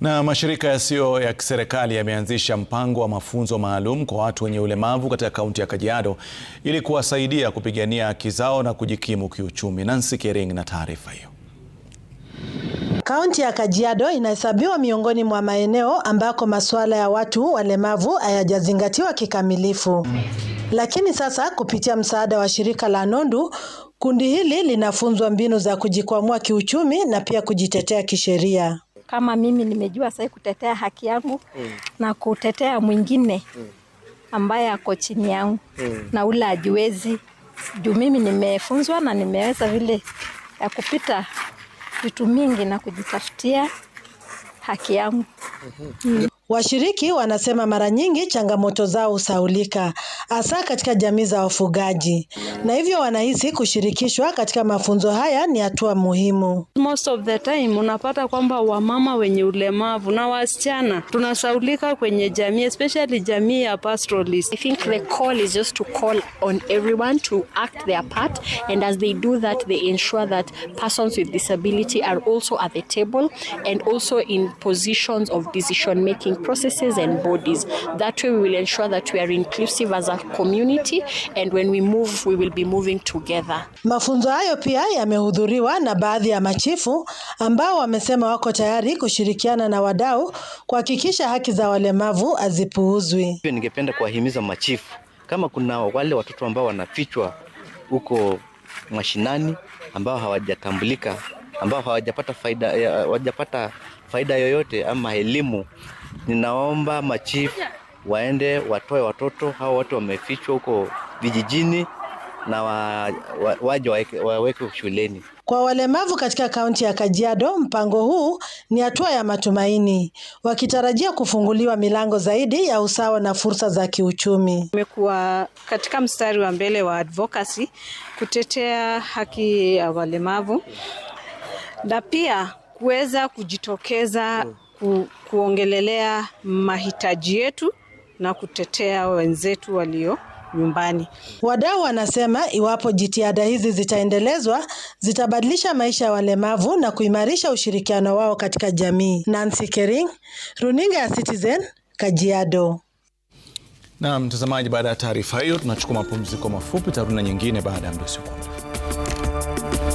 Na mashirika yasiyo ya kiserikali yameanzisha mpango wa mafunzo maalum kwa watu wenye ulemavu katika kaunti ya Kajiado ili kuwasaidia kupigania haki zao na kujikimu kiuchumi. Nancy Kering na taarifa hiyo. Kaunti ya Kajiado inahesabiwa miongoni mwa maeneo ambako masuala ya watu walemavu hayajazingatiwa kikamilifu. Lakini sasa kupitia msaada wa shirika la Nondu, kundi hili linafunzwa mbinu za kujikwamua kiuchumi na pia kujitetea kisheria kama mimi nimejua sasa kutetea haki yangu mm. na kutetea mwingine mm. ambaye ako chini yangu mm. na ule ajiwezi, juu mimi nimefunzwa na nimeweza vile ya kupita vitu mingi na kujitafutia haki yangu mm-hmm. mm -hmm. mm. Washiriki wanasema mara nyingi changamoto zao husahaulika hasa katika jamii za wafugaji na hivyo wanahisi kushirikishwa katika mafunzo haya ni hatua muhimu. Most of the time unapata kwamba wamama wenye ulemavu na wasichana tunasaulika kwenye jamii especially jamii ya pastoralist. I think the call is just to call on everyone to act their part and as they do that they ensure that persons with disability are also at the table and also in positions of decision making processes and bodies. That way we will ensure that we are inclusive as a community and when we move we will be moving together. Mafunzo hayo pia yamehudhuriwa na baadhi ya machifu ambao wamesema wako tayari kushirikiana na wadau kuhakikisha haki za walemavu hazipuuzwi. Ningependa kuwahimiza machifu kama kuna wale watoto ambao wanafichwa huko mashinani ambao hawajatambulika ambao hawajapata faida, hawajapata faida yoyote ama elimu ninaomba machifu waende watoe watoto hao watu wamefichwa huko vijijini na waje wa, wa, wawekwe shuleni. Kwa walemavu katika kaunti ya Kajiado, mpango huu ni hatua ya matumaini, wakitarajia kufunguliwa milango zaidi ya usawa na fursa za kiuchumi. Imekuwa katika mstari wa mbele wa advocacy kutetea haki ya walemavu na pia kuweza kujitokeza ku kuongelelea mahitaji yetu na kutetea wenzetu walio nyumbani. Wadau wanasema iwapo jitihada hizi zitaendelezwa zitabadilisha maisha ya walemavu na kuimarisha ushirikiano wao katika jamii. Nancy Kering, Runinga ya Citizen, Kajiado. Na mtazamaji, baada ya taarifa hiyo tunachukua mapumziko mafupi, tarudi na nyingine baada ya mdosi.